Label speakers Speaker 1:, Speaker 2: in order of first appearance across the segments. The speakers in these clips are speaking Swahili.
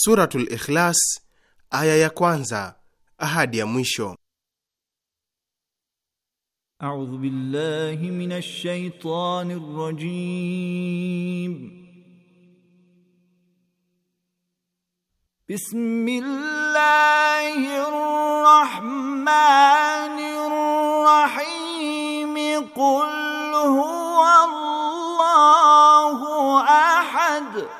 Speaker 1: Suratul Ikhlas aya ya kwanza ahadi ya mwisho.
Speaker 2: A'udhu billahi minash shaitanir rajim. Bismillahir rahmanir rahim. Qul huwa Allahu ahad.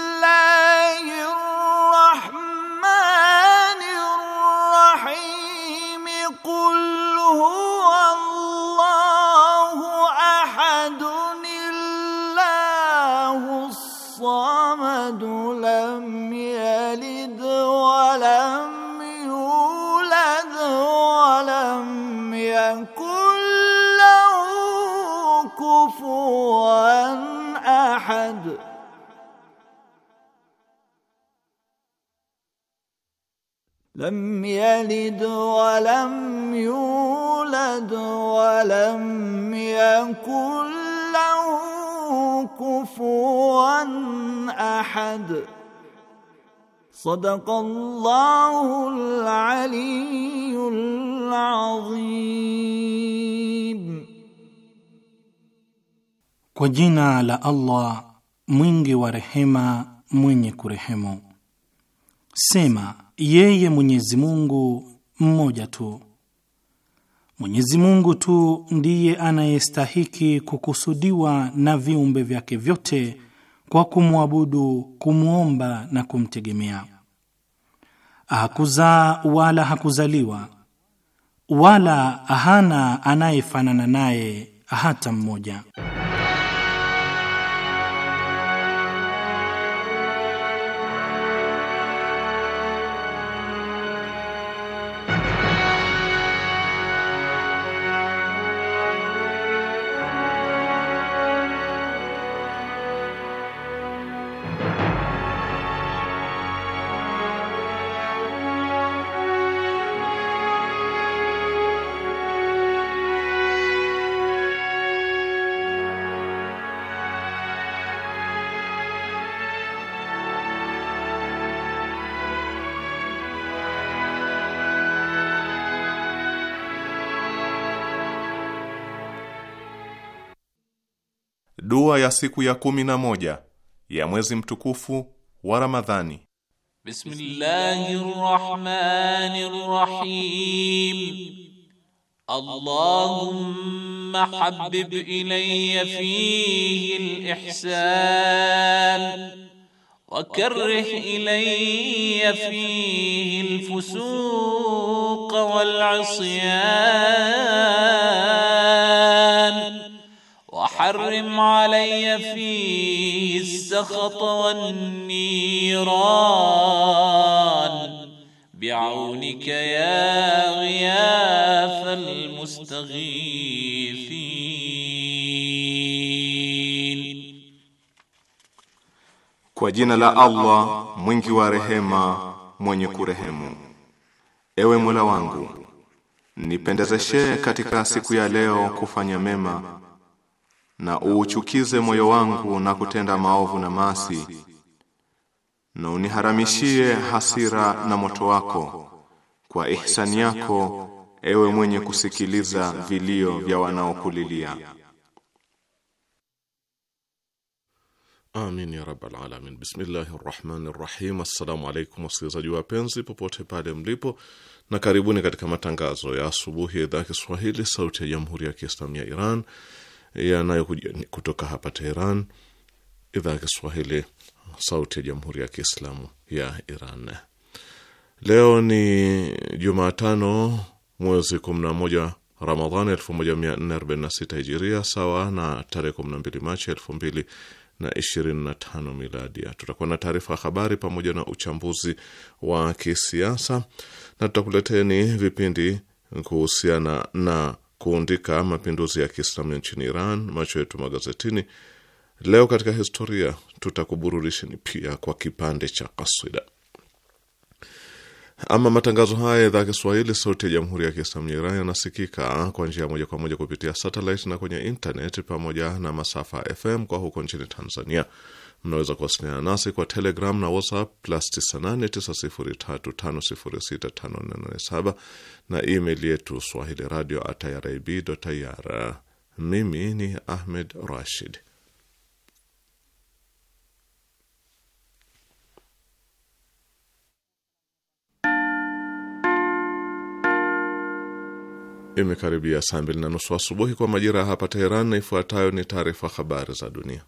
Speaker 2: الله الرحمن لم يلد ولم يولد ولم يكن له كفوا احد صدق الله العلي العظيم
Speaker 3: وجنا على الله مينغي ورحمه مينكو رحمه سيما yeye Mwenyezi Mungu mmoja tu. Mwenyezi Mungu tu ndiye anayestahiki kukusudiwa na viumbe vyake vyote kwa kumwabudu, kumwomba na kumtegemea. Hakuzaa wala hakuzaliwa wala hana anayefanana naye hata mmoja.
Speaker 1: siku ya kumi na moja ya mwezi mtukufu wa Ramadhani.
Speaker 2: Bismillahirrahmanirrahim. Allahumma habib ilayya fihi al-ihsan wa karrih ilayya fihi al-fusuq wal-'isyan فاحرم علي في السخط والنيران بعونك يا غياث المستغيثين
Speaker 1: Kwa jina la Allah mwingi wa rehema mwenye kurehemu Ewe Mola wangu nipendezeshe katika siku ya leo kufanya mema na uuchukize moyo wangu na kutenda maovu na maasi, na uniharamishie hasira na moto wako kwa ihsani yako, ewe mwenye kusikiliza vilio vya wanaokulilia. Amin ya rabbal alamin. Bismillahi rahmani rahim. Assalamu alaikum wasikilizaji wapenzi popote pale mlipo, na karibuni katika matangazo ya asubuhi ya idhaa ya Kiswahili sauti ya jamhuri ya Kiislamu ya Iran yanayokuja kutoka hapa Teheran, idhaa ya Kiswahili, sauti ya jamhuri ya kiislamu ya Iran. Leo ni Jumatano, mwezi 11 Ramadhani 1446 Hijiria, sawa na tarehe 12 Machi 2025 Miladia. Tutakuwa na taarifa ya habari pamoja na uchambuzi wa kisiasa na tutakuleteni vipindi kuhusiana na kuundika mapinduzi ya Kiislamu nchini Iran. Macho yetu magazetini leo, katika historia, tutakubururisheni pia kwa kipande cha kaswida. Ama matangazo haya idhaa Kiswahili sauti ya jamhuri ya Kiislamu ya Iran yanasikika kwa njia moja kwa moja kupitia satelit na kwenye internet pamoja na masafa FM kwa huko nchini Tanzania Mnaweza kuwasiliana nasi kwa Telegram na WhatsApp plus 989035065487 na email yetu swahili radio at iribir Mimi ni Ahmed Rashid. Imekaribia saa mbili na nusu asubuhi kwa majira ya hapa Teheran, na ifuatayo ni taarifa habari za dunia.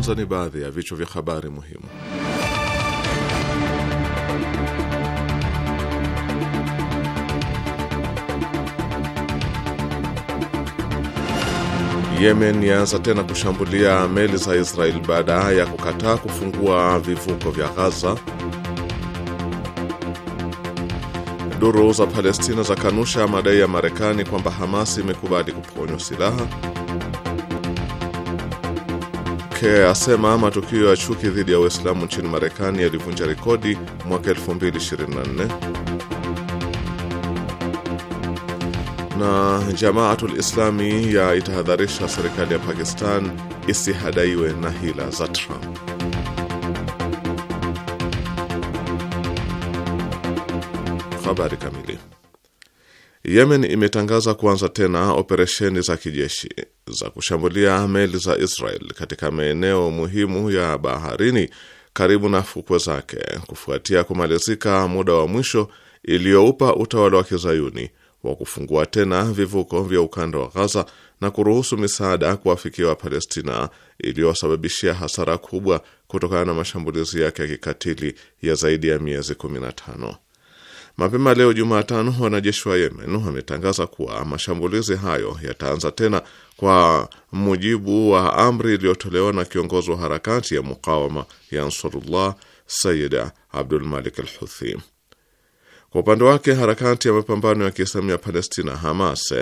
Speaker 1: Kwanza ni baadhi ya vichwa vya habari muhimu. Yemen yaanza tena kushambulia meli za Israel baada ya kukataa kufungua vivuko vya Gaza. Duru za Palestina za kanusha madai ya Marekani kwamba Hamasi imekubali kuponywa silaha. Mwanamke asema matukio ya chuki dhidi ya Uislamu nchini Marekani yalivunja rekodi mwaka 2024. Na Jamaatul Islami ya itahadharisha serikali ya Pakistan isihadaiwe na hila za Trump. Habari kamili Yemen imetangaza kuanza tena operesheni za kijeshi za kushambulia meli za Israel katika maeneo muhimu ya baharini karibu na fukwe zake kufuatia kumalizika muda wa mwisho iliyoupa utawala wa kizayuni wa kufungua tena vivuko vya ukanda wa Ghaza na kuruhusu misaada kuwafikia Wapalestina iliyosababishia hasara kubwa kutokana na mashambulizi yake ya kikatili ya zaidi ya miezi 15. Mapema leo Jumatano, wanajeshi wa Yemen wametangaza kuwa mashambulizi hayo yataanza tena kwa mujibu wa amri iliyotolewa na kiongozi wa harakati ya mukawama ya Ansarullah Sayid Abdul Malik al Huthi. Kwa upande wake, harakati ya mapambano ya Kiislamu ya Palestina Hamas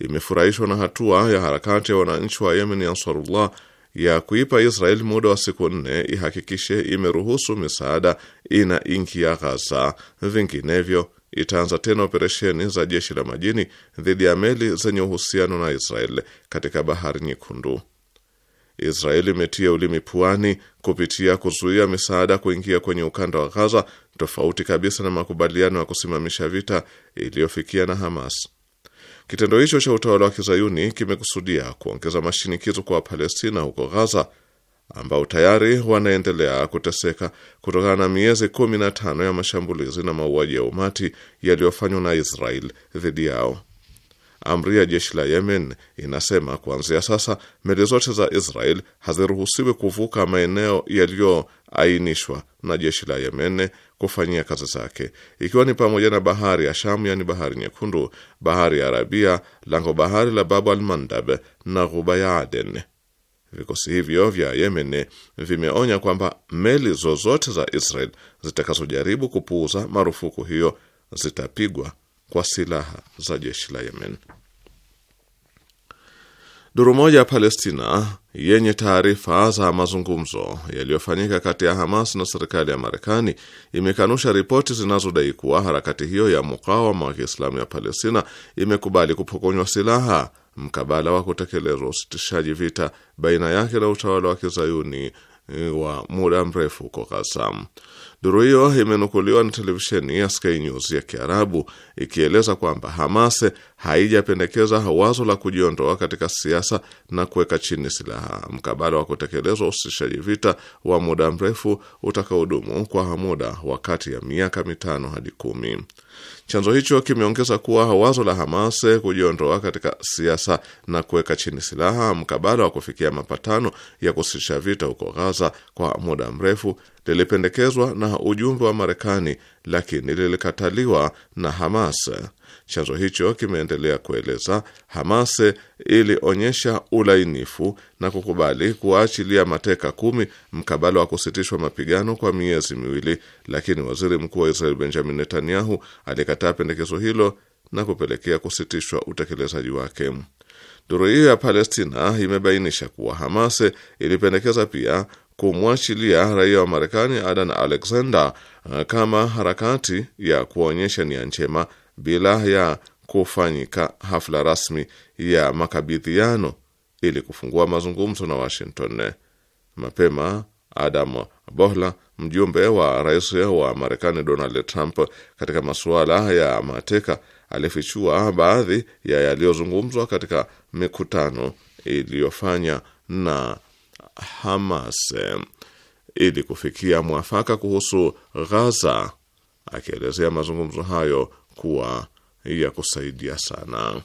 Speaker 1: imefurahishwa na hatua ya harakati ya wananchi wa Yemen ya Ansarullah ya kuipa Israel muda wa siku nne ihakikishe imeruhusu misaada inaingia Ghaza, vinginevyo itaanza tena operesheni za jeshi la majini dhidi ya meli zenye uhusiano na Israel katika bahari Nyekundu. Israeli imetia ulimi puani kupitia kuzuia misaada kuingia kwenye ukanda wa Gaza, tofauti kabisa na makubaliano ya kusimamisha vita iliyofikia na Hamas. Kitendo hicho cha utawala wa kizayuni kimekusudia kuongeza mashinikizo kwa Wapalestina huko Gaza ambao tayari wanaendelea kuteseka kutokana na miezi kumi na tano ya mashambulizi na mauaji ya umati yaliyofanywa na Israel dhidi yao. Amri ya jeshi la Yemen inasema kuanzia sasa meli zote za Israel haziruhusiwi kuvuka maeneo yaliyoainishwa na jeshi la Yemen kufanyia kazi zake, ikiwa ni pamoja na bahari ya Shamu, yani bahari nyekundu, bahari ya Arabia, lango bahari la Babu al Mandab na ghuba ya Aden. Vikosi hivyo vya Yemen vimeonya kwamba meli zozote za Israel zitakazojaribu kupuuza marufuku hiyo zitapigwa kwa silaha za jeshi la Yemen. Duru moja ya Palestina yenye taarifa za mazungumzo yaliyofanyika kati ya Hamas na serikali ya Marekani imekanusha ripoti zinazodai kuwa harakati hiyo ya mukawama wa Kiislamu ya Palestina imekubali kupokonywa silaha mkabala wa kutekelezwa usitishaji vita baina yake na utawala wa kizayuni e, wa muda mrefu huko Gaza. Duru hiyo imenukuliwa na televisheni ya Sky News ya Kiarabu ikieleza kwamba Hamas haijapendekeza wazo la kujiondoa katika siasa na kuweka chini silaha mkabala wa kutekelezwa usitishaji vita wa muda mrefu utakaodumu kwa muda wa kati ya miaka mitano hadi kumi. Chanzo hicho kimeongeza kuwa wazo la Hamas kujiondoa katika siasa na kuweka chini silaha mkabala wa kufikia mapatano ya kusitisha vita huko Ghaza kwa muda mrefu lilipendekezwa na ujumbe wa Marekani, lakini lilikataliwa na Hamas Chanzo hicho kimeendelea kueleza, Hamas ilionyesha ulainifu na kukubali kuwaachilia mateka kumi mkabala wa kusitishwa mapigano kwa miezi miwili, lakini waziri mkuu wa Israel Benjamin Netanyahu alikataa pendekezo hilo na kupelekea kusitishwa utekelezaji wake. Duru hiyo ya Palestina imebainisha kuwa Hamas ilipendekeza pia kumwachilia raia wa Marekani Adan Alexander eh, kama harakati ya kuonyesha nia njema bila ya kufanyika hafla rasmi ya makabidhiano ili kufungua mazungumzo na Washington. Mapema Adam Bohla, mjumbe wa rais wa Marekani Donald Trump katika masuala ya mateka, alifichua baadhi ya yaliyozungumzwa katika mikutano iliyofanya na Hamas ili kufikia mwafaka kuhusu Gaza, akielezea mazungumzo hayo kuwa ya kusaidia sana.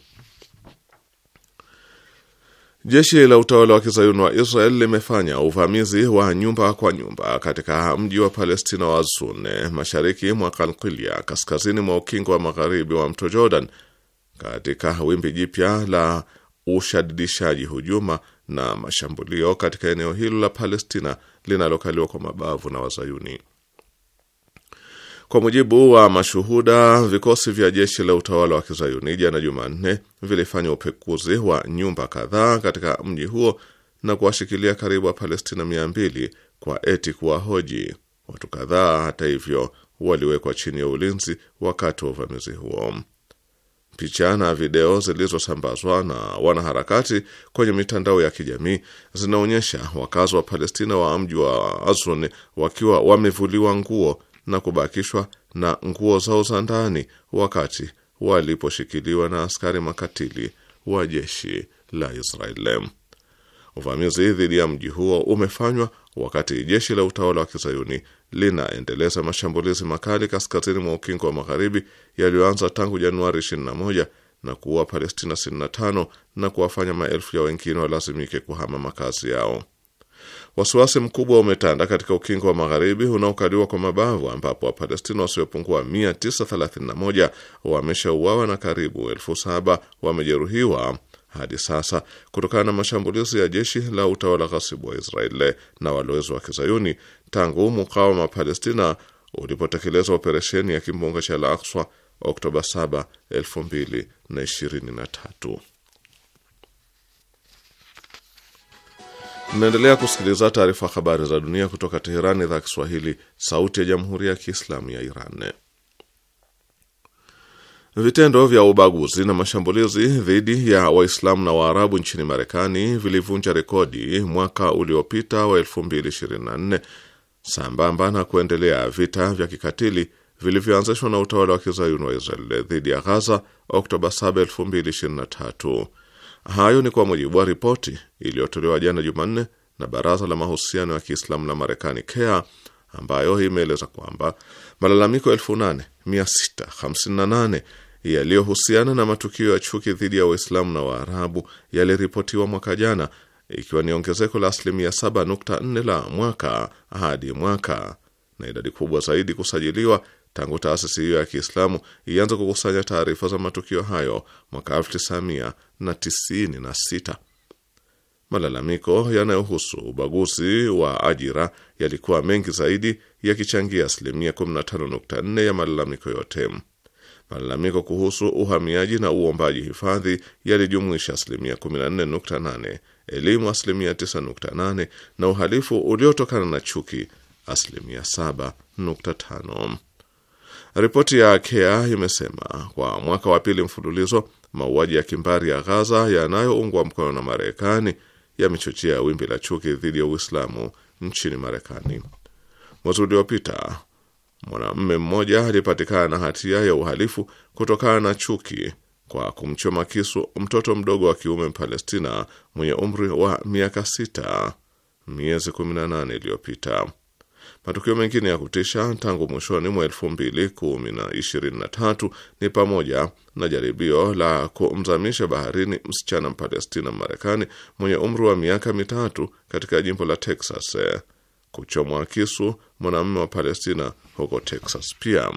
Speaker 1: Jeshi la utawala wa kizayuni wa Israel limefanya uvamizi wa nyumba kwa nyumba katika mji wa Palestina wa Zune, mashariki mwa Kalkilia, kaskazini mwa ukingo wa magharibi wa mto Jordan, katika wimbi jipya la ushadidishaji hujuma na mashambulio katika eneo hilo la Palestina linalokaliwa kwa mabavu na Wazayuni. Kwa mujibu wa mashuhuda, vikosi vya jeshi la utawala wa kizayuni jana Jumanne vilifanya upekuzi wa nyumba kadhaa katika mji huo na kuwashikilia karibu wa Palestina mia mbili kwa eti kuwahoji. Watu kadhaa, hata hivyo, waliwekwa chini ya ulinzi wakati wa uvamizi huo. Picha na video zilizosambazwa na wanaharakati kwenye mitandao ya kijamii zinaonyesha wakazi wa Palestina wa mji wa Azun wakiwa wamevuliwa nguo na kubakishwa na nguo zao za ndani wakati waliposhikiliwa na askari makatili wa jeshi la Israel. Uvamizi dhidi ya mji huo umefanywa wakati jeshi la utawala wa kizayuni linaendeleza mashambulizi makali kaskazini mwa ukingo wa magharibi yaliyoanza tangu Januari 21 na kuua Palestina 65 na kuwafanya maelfu ya wengine walazimike kuhama makazi yao. Wasiwasi mkubwa umetanda katika ukingo wa magharibi unaokaliwa kwa mabavu ambapo Wapalestina wasiopungua 931 wameshauawa na karibu elfu saba wamejeruhiwa hadi sasa kutokana na mashambulizi ya jeshi la utawala ghasibu wa Israeli na walowezi wa kizayuni tangu mukawama wa Palestina ulipotekeleza operesheni ya kimbunga cha Al-Aqsa Oktoba 7, 2023. Mnaendelea kusikiliza taarifa habari za dunia kutoka Teherani, idhaa Kiswahili, sauti ya jamhuri ya kiislamu ya Iran. Vitendo vya ubaguzi na mashambulizi dhidi ya Waislamu na Waarabu nchini Marekani vilivunja rekodi mwaka uliopita wa 2024 sambamba na kuendelea vita vya kikatili vilivyoanzishwa na utawala wa kizayuni wa Israel dhidi ya Ghaza Oktoba 7, 2023. Hayo ni kwa mujibu wa ripoti iliyotolewa jana Jumanne na baraza la mahusiano ya Kiislamu la Marekani CARE ambayo imeeleza kwamba malalamiko 8658 yaliyohusiana na matukio ya chuki dhidi ya Waislamu na Waarabu yaliripotiwa mwaka jana, ikiwa ni ongezeko la asilimia 7.4 la mwaka hadi mwaka, na idadi kubwa zaidi kusajiliwa Tangu taasisi hiyo ya Kiislamu ianze kukusanya taarifa za matukio hayo mwaka 1996. Malalamiko yanayohusu ubaguzi wa ajira yalikuwa mengi zaidi, yakichangia asilimia 15.4 ya malalamiko yote. Malalamiko kuhusu uhamiaji na uombaji hifadhi yalijumuisha asilimia 14.8, elimu asilimia 9.8, na uhalifu uliotokana na chuki asilimia 7.5. Ripoti ya Kea imesema kwa mwaka wa pili mfululizo mauaji ya kimbari ya Ghaza yanayoungwa mkono na Marekani yamechochea wimbi la chuki dhidi ya Uislamu nchini Marekani. Mwezi uliopita mwanamume mmoja alipatikana na hatia ya uhalifu kutokana na chuki kwa kumchoma kisu mtoto mdogo wa kiume Palestina mwenye umri wa miaka sita miezi 18 iliyopita. Matukio mengine ya kutisha tangu mwishoni mwa elfu mbili kumi na ishirini na tatu ni pamoja na jaribio la kumzamisha baharini msichana Mpalestina Marekani mwenye umri wa miaka mitatu katika jimbo la Texas, eh, kuchomwa kisu mwanamume wa Palestina huko Texas, pia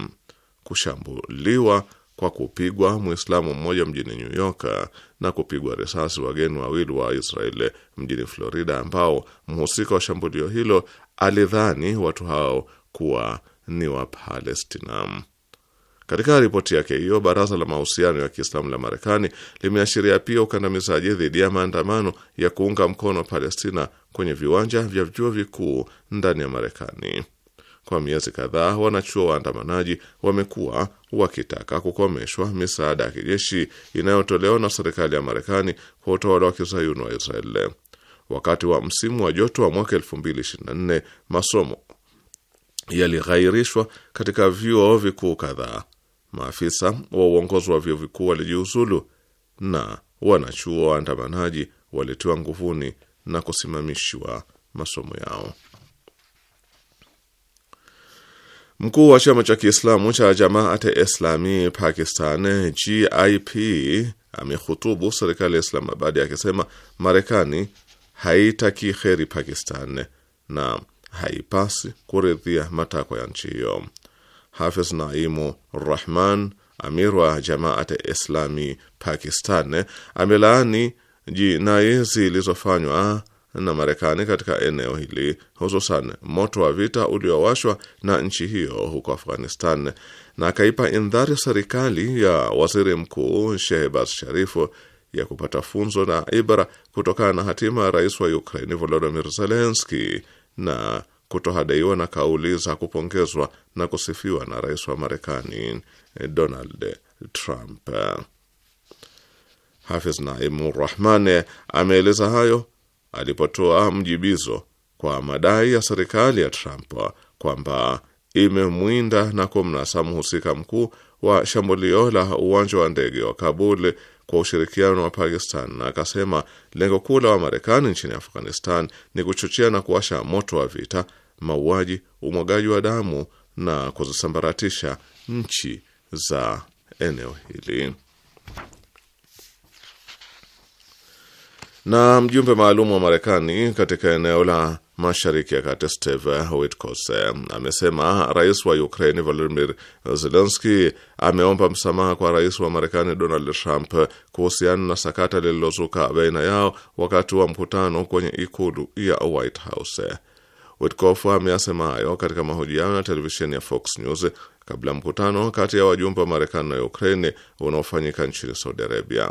Speaker 1: kushambuliwa kwa kupigwa Mwislamu mmoja mjini New York eh, na kupigwa risasi wageni wawili wa Israeli mjini Florida, ambao mhusika wa shambulio hilo alidhani watu hao kuwa ni Wapalestina. Katika ripoti yake hiyo, baraza la mahusiano ya Kiislamu la Marekani limeashiria pia ukandamizaji dhidi ya maandamano ya kuunga mkono Palestina kwenye viwanja vya vyuo vikuu ndani ya Marekani. Kwa miezi kadhaa, wanachuo waandamanaji wamekuwa wakitaka kukomeshwa misaada ya kijeshi inayotolewa na serikali ya Marekani kwa utawala wa kizayuni wa Israeli. Wakati wa msimu wa joto wa mwaka 2024 masomo yalighairishwa katika vyuo vikuu kadhaa. Maafisa wa uongozi wa vyuo vikuu walijiuzulu na wanachuo waandamanaji walitiwa nguvuni na kusimamishiwa masomo yao. Mkuu wa chama cha Kiislamu cha Jamaate Islami Pakistan GIP amehutubu serikali ya Islamabadi akisema Marekani haitaki kheri Pakistan na haipasi kuridhia matakwa ya nchi hiyo. Hafiz Naimu Rahman, amir wa Jamaat e Islami Pakistan, amelaani jinai zilizofanywa na Marekani katika eneo hili, hususan moto wa vita uliowashwa na nchi hiyo huko Afghanistan, na akaipa indhari serikali ya waziri mkuu Shehbaz Sharifu ya kupata funzo na ibra kutokana na hatima ya rais wa Ukraini Volodimir Zelenski na kutohadaiwa na kauli za kupongezwa na kusifiwa na rais wa Marekani eh, Donald Trump. Hafiz Naim Rahman eh, ameeleza hayo alipotoa mjibizo kwa madai ya serikali ya Trump kwamba imemwinda na kumnasa mhusika mkuu wa shambulio la uwanja wa ndege wa Kabul kwa ushirikiano wa Pakistan na akasema lengo kuu la Wamarekani nchini Afghanistan ni kuchochea na kuwasha moto wa vita, mauaji, umwagaji wa damu na kuzisambaratisha nchi za eneo hili. Na mjumbe maalum wa Marekani katika eneo la mashariki ya kati Steve Witkos eh, amesema rais wa Ukraini Volodimir Zelenski ameomba msamaha kwa rais wa Marekani Donald Trump kuhusiana na sakata lililozuka baina yao wakati wa mkutano kwenye ikulu ya White House. Witkof ameyasema hayo katika mahojiano ya televisheni ya Fox News kabla ya mkutano kati ya wajumbe wa Marekani na Ukraini unaofanyika nchini Saudi Arabia.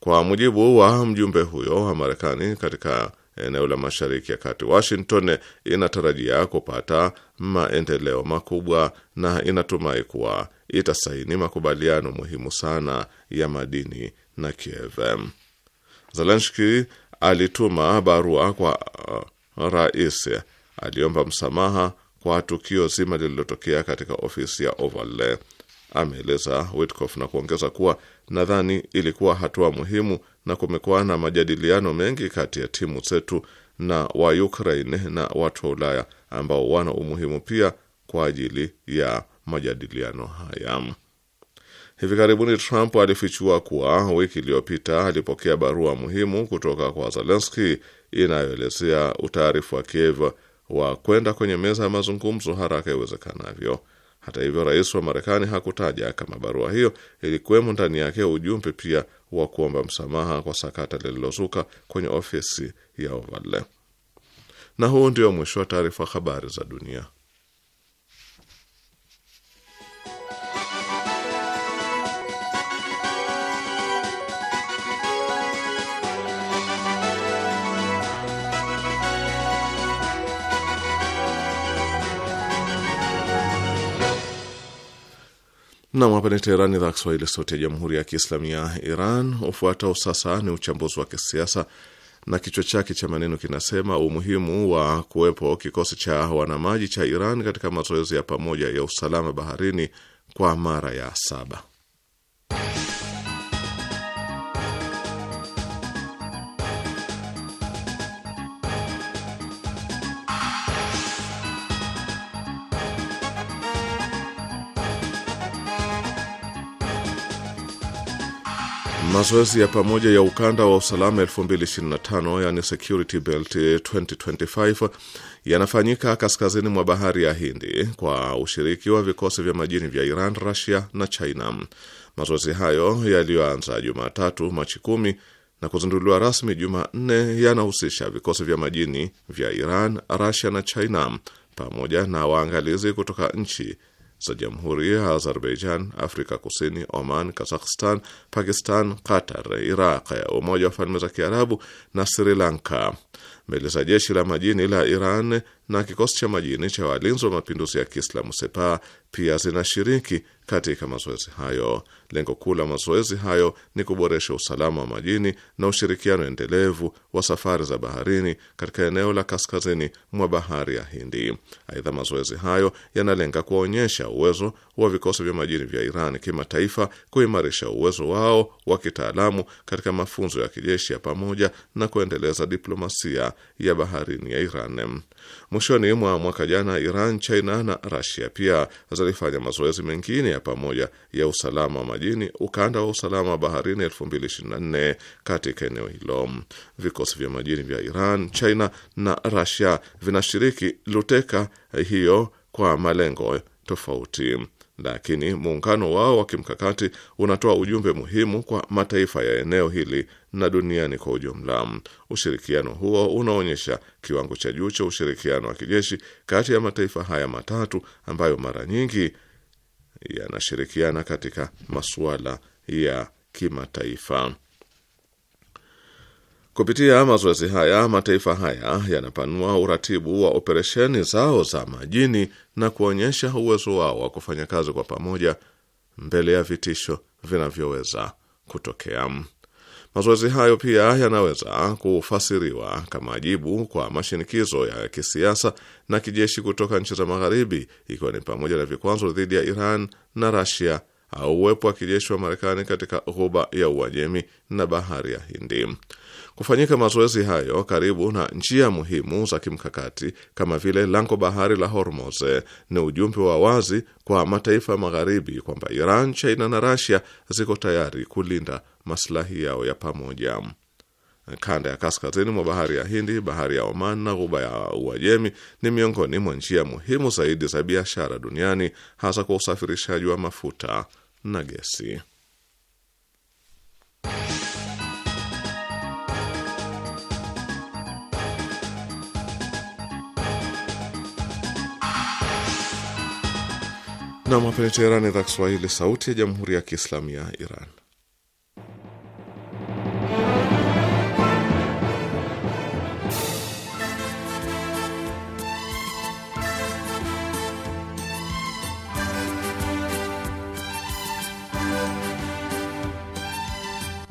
Speaker 1: Kwa mujibu wa mjumbe huyo wa Marekani katika eneo la Mashariki ya Kati. Washington inatarajia kupata maendeleo makubwa na inatumai kuwa itasaini makubaliano muhimu sana ya madini na Kiev. Zelenski alituma barua kwa uh, rais aliomba msamaha kwa tukio zima lililotokea katika ofisi ya Oval ameeleza Witkoff na kuongeza kuwa nadhani ilikuwa hatua muhimu na kumekuwa na majadiliano mengi kati ya timu zetu na wa Ukraine na watu wa Ulaya ambao wana umuhimu pia kwa ajili ya majadiliano haya. Hivi karibuni Trump alifichua kuwa wiki iliyopita alipokea barua muhimu kutoka kwa zelenski inayoelezea utaarifu wa Kiev wa kwenda kwenye meza ya mazungumzo haraka iwezekanavyo. Hata hivyo, rais wa Marekani hakutaja kama barua hiyo ilikuwemo ndani yake ujumbe pia wa kuomba msamaha kwa sakata lililozuka kwenye ofisi ya Ovale. Na huu ndio mwisho wa taarifa habari za dunia. Nam, hapa ni Teherani, idhaa Kiswahili, sauti ya jamhuri ya kiislamu ya Iran. Ufuatao sasa ni uchambuzi wa kisiasa na kichwa chake cha maneno kinasema umuhimu wa kuwepo kikosi cha wanamaji cha Iran katika mazoezi ya pamoja ya usalama baharini kwa mara ya saba. Mazoezi ya pamoja ya ukanda wa usalama 2025 yani Security Belt 2025 eh, yanafanyika kaskazini mwa bahari ya Hindi kwa ushiriki wa vikosi vya majini vya Iran, Russia na China. Mazoezi hayo yaliyoanza Jumatatu Machi 10 na kuzinduliwa rasmi Jumanne yanahusisha vikosi vya majini vya Iran, Russia na China pamoja na waangalizi kutoka nchi za jamhuri ya Azerbaijan, Afrika Kusini, Oman, Kazakhstan, Pakistan, Qatar, Iraq, Umoja wa Falme za Kiarabu na Sri Lanka. Meli za jeshi la majini la Iran na kikosi cha majini cha walinzi wa mapinduzi ya Kiislamu Sepa pia zinashiriki katika mazoezi hayo. Lengo kuu la mazoezi hayo ni kuboresha usalama wa majini na ushirikiano endelevu wa safari za baharini katika eneo la kaskazini mwa bahari ya Hindi. Aidha, mazoezi hayo yanalenga kuwaonyesha uwezo wa vikosi vya majini vya Iran kimataifa, kuimarisha uwezo wao wa kitaalamu katika mafunzo ya kijeshi ya pamoja na kuendeleza diplomasia ya baharini ya Iran. Mwishoni mwa mwaka jana, Iran, China na Rasia pia zilifanya mazoezi mengine ya pamoja ya usalama wa majini, ukanda wa usalama wa baharini 2024 katika eneo hilo. Vikosi vya majini vya Iran, China na Rasia vinashiriki luteka hiyo kwa malengo tofauti lakini muungano wao wa kimkakati unatoa ujumbe muhimu kwa mataifa ya eneo hili na duniani kwa ujumla. Ushirikiano huo unaonyesha kiwango cha juu cha ushirikiano wa kijeshi kati ya mataifa haya matatu ambayo mara nyingi yanashirikiana katika masuala ya kimataifa. Kupitia mazoezi haya, mataifa haya yanapanua uratibu wa operesheni zao za majini na kuonyesha uwezo wao wa kufanya kazi kwa pamoja mbele ya vitisho vinavyoweza kutokea. Mazoezi hayo pia yanaweza kufasiriwa kama jibu kwa mashinikizo ya kisiasa na kijeshi kutoka nchi za Magharibi, ikiwa ni pamoja na vikwazo dhidi ya Iran na Rasia au uwepo wa kijeshi wa Marekani katika ghuba ya Uajemi na bahari ya Hindi. Kufanyika mazoezi hayo karibu na njia muhimu za kimkakati kama vile lango bahari la Hormuz ni ujumbe wa wazi kwa mataifa magharibi kwamba Iran, China na Rasia ziko tayari kulinda maslahi yao ya pamoja. Kanda ya kaskazini mwa bahari ya Hindi, bahari ya Oman na ghuba ya Uajemi ni miongoni mwa njia muhimu zaidi za biashara duniani, hasa kwa usafirishaji wa mafuta na gesi. Nam hapene Iran, idhaa Kiswahili, sauti ya jamhuri ya kiislamu ya Iran.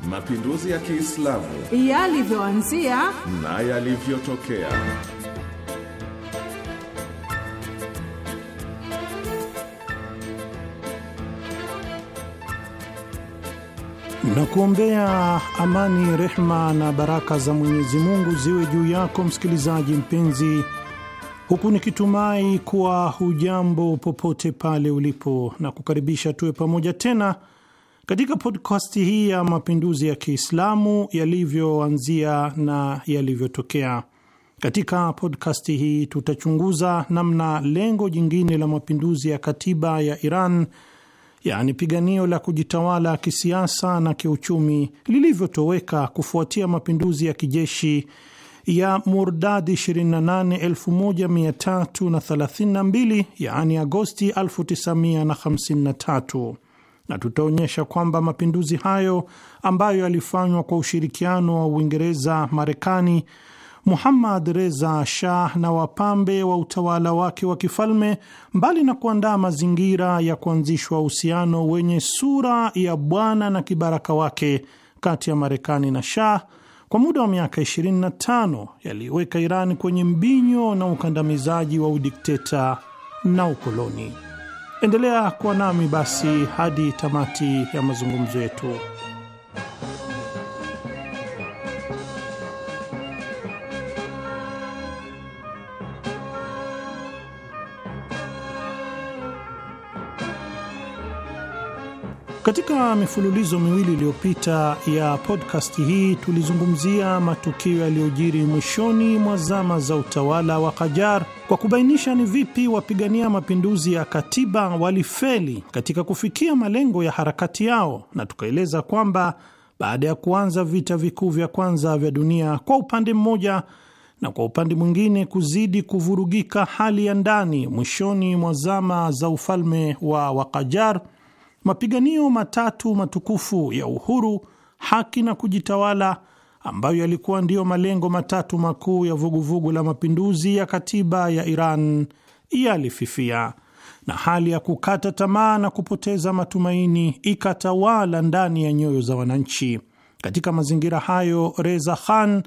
Speaker 1: Mapinduzi ya Kiislamu
Speaker 4: yalivyoanzia
Speaker 1: na yalivyotokea
Speaker 3: na kuombea amani, rehma na baraka za Mwenyezi Mungu ziwe juu yako msikilizaji mpenzi, huku nikitumai kuwa hujambo popote pale ulipo, na kukaribisha tuwe pamoja tena katika podkasti hii ya mapinduzi ya Kiislamu yalivyoanzia na yalivyotokea. Katika podkasti hii tutachunguza namna lengo jingine la mapinduzi ya katiba ya Iran yaani piganio la kujitawala kisiasa na kiuchumi lilivyotoweka kufuatia mapinduzi ya kijeshi ya Murdadi 28132 yaani Agosti 1953 na tutaonyesha kwamba mapinduzi hayo ambayo yalifanywa kwa ushirikiano wa Uingereza, Marekani Muhammad Reza Shah na wapambe wa utawala wake wa kifalme, mbali na kuandaa mazingira ya kuanzishwa uhusiano wenye sura ya bwana na kibaraka wake kati ya Marekani na Shah kwa muda wa miaka 25 yaliyoweka Iran kwenye mbinyo na ukandamizaji wa udikteta na ukoloni. Endelea kuwa nami basi hadi tamati ya mazungumzo yetu. Katika mifululizo miwili iliyopita ya podcast hii tulizungumzia matukio yaliyojiri mwishoni mwa zama za utawala wa kajar kwa kubainisha ni vipi wapigania mapinduzi ya katiba walifeli katika kufikia malengo ya harakati yao, na tukaeleza kwamba baada ya kuanza vita vikuu vya kwanza vya dunia kwa upande mmoja na kwa upande mwingine kuzidi kuvurugika hali ya ndani mwishoni mwa zama za ufalme wa wakajar Mapiganio matatu matukufu ya uhuru, haki na kujitawala, ambayo yalikuwa ndiyo malengo matatu makuu ya vuguvugu vugu la mapinduzi ya katiba ya Iran yalififia na hali ya kukata tamaa na kupoteza matumaini ikatawala ndani ya nyoyo za wananchi. Katika mazingira hayo, Reza Khan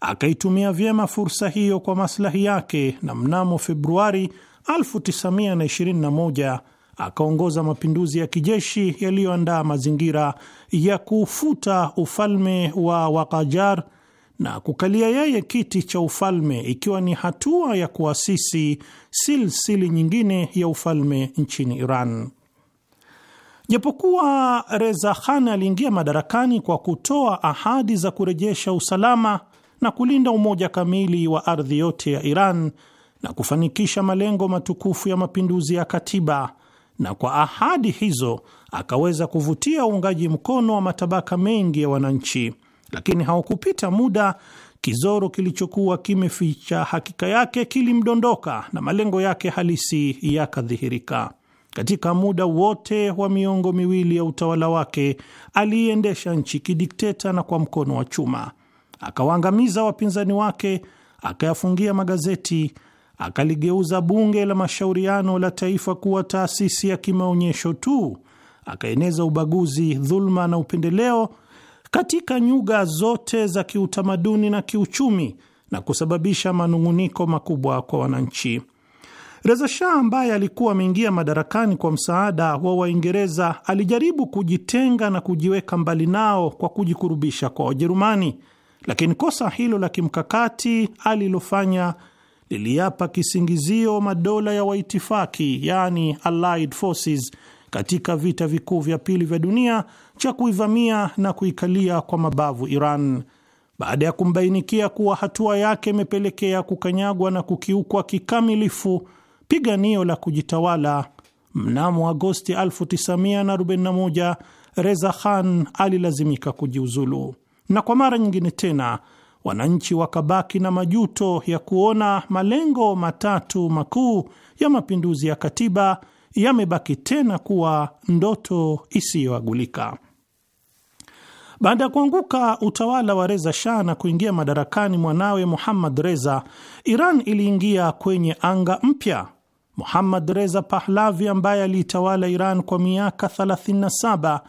Speaker 3: akaitumia vyema fursa hiyo kwa maslahi yake, na mnamo Februari 1921 akaongoza mapinduzi ya kijeshi yaliyoandaa mazingira ya kufuta ufalme wa Wakajar na kukalia yeye kiti cha ufalme ikiwa ni hatua ya kuasisi silsili nyingine ya ufalme nchini Iran. Japokuwa Reza Khan aliingia madarakani kwa kutoa ahadi za kurejesha usalama na kulinda umoja kamili wa ardhi yote ya Iran na kufanikisha malengo matukufu ya mapinduzi ya katiba, na kwa ahadi hizo akaweza kuvutia uungaji mkono wa matabaka mengi ya wananchi, lakini haukupita muda, kizoro kilichokuwa kimeficha hakika yake kilimdondoka na malengo yake halisi yakadhihirika. Katika muda wote wa miongo miwili ya utawala wake aliiendesha nchi kidikteta na kwa mkono wa chuma, akawaangamiza wapinzani wake, akayafungia magazeti akaligeuza bunge la mashauriano la taifa kuwa taasisi ya kimaonyesho tu, akaeneza ubaguzi, dhuluma na upendeleo katika nyuga zote za kiutamaduni na kiuchumi na kusababisha manung'uniko makubwa kwa wananchi. Reza Shah ambaye alikuwa ameingia madarakani kwa msaada wa Waingereza alijaribu kujitenga na kujiweka mbali nao kwa kujikurubisha kwa Wajerumani, lakini kosa hilo la kimkakati alilofanya liliapa kisingizio madola ya waitifaki, yani Allied Forces, katika vita vikuu vya pili vya dunia cha kuivamia na kuikalia kwa mabavu Iran. Baada ya kumbainikia kuwa hatua yake imepelekea kukanyagwa na kukiukwa kikamilifu piganio la kujitawala, mnamo Agosti 1941 Reza Khan alilazimika kujiuzulu, na kwa mara nyingine tena wananchi wakabaki na majuto ya kuona malengo matatu makuu ya mapinduzi ya katiba yamebaki tena kuwa ndoto isiyoagulika. Baada ya kuanguka utawala wa Reza Shah na kuingia madarakani mwanawe Muhammad Reza, Iran iliingia kwenye anga mpya. Muhammad Reza Pahlavi ambaye aliitawala Iran kwa miaka 37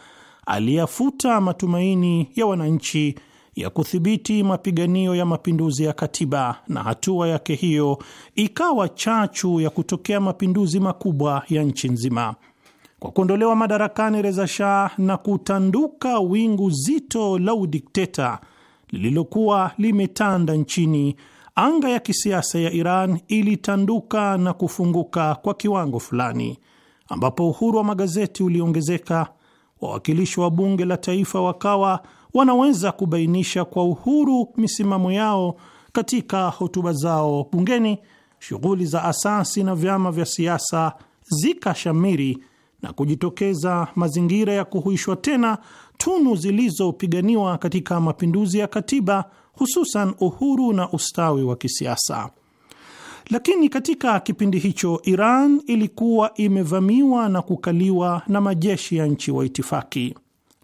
Speaker 3: aliyafuta matumaini ya wananchi ya kudhibiti mapiganio ya mapinduzi ya katiba, na hatua yake hiyo ikawa chachu ya kutokea mapinduzi makubwa ya nchi nzima. Kwa kuondolewa madarakani Reza Shah na kutanduka wingu zito la udikteta lililokuwa limetanda nchini, anga ya kisiasa ya Iran ilitanduka na kufunguka kwa kiwango fulani, ambapo uhuru wa magazeti uliongezeka, wawakilishi wa bunge la taifa wakawa wanaweza kubainisha kwa uhuru misimamo yao katika hotuba zao bungeni, shughuli za asasi na vyama vya siasa zikashamiri na kujitokeza mazingira ya kuhuishwa tena tunu zilizopiganiwa katika mapinduzi ya katiba, hususan uhuru na ustawi wa kisiasa. Lakini katika kipindi hicho Iran ilikuwa imevamiwa na kukaliwa na majeshi ya nchi wa itifaki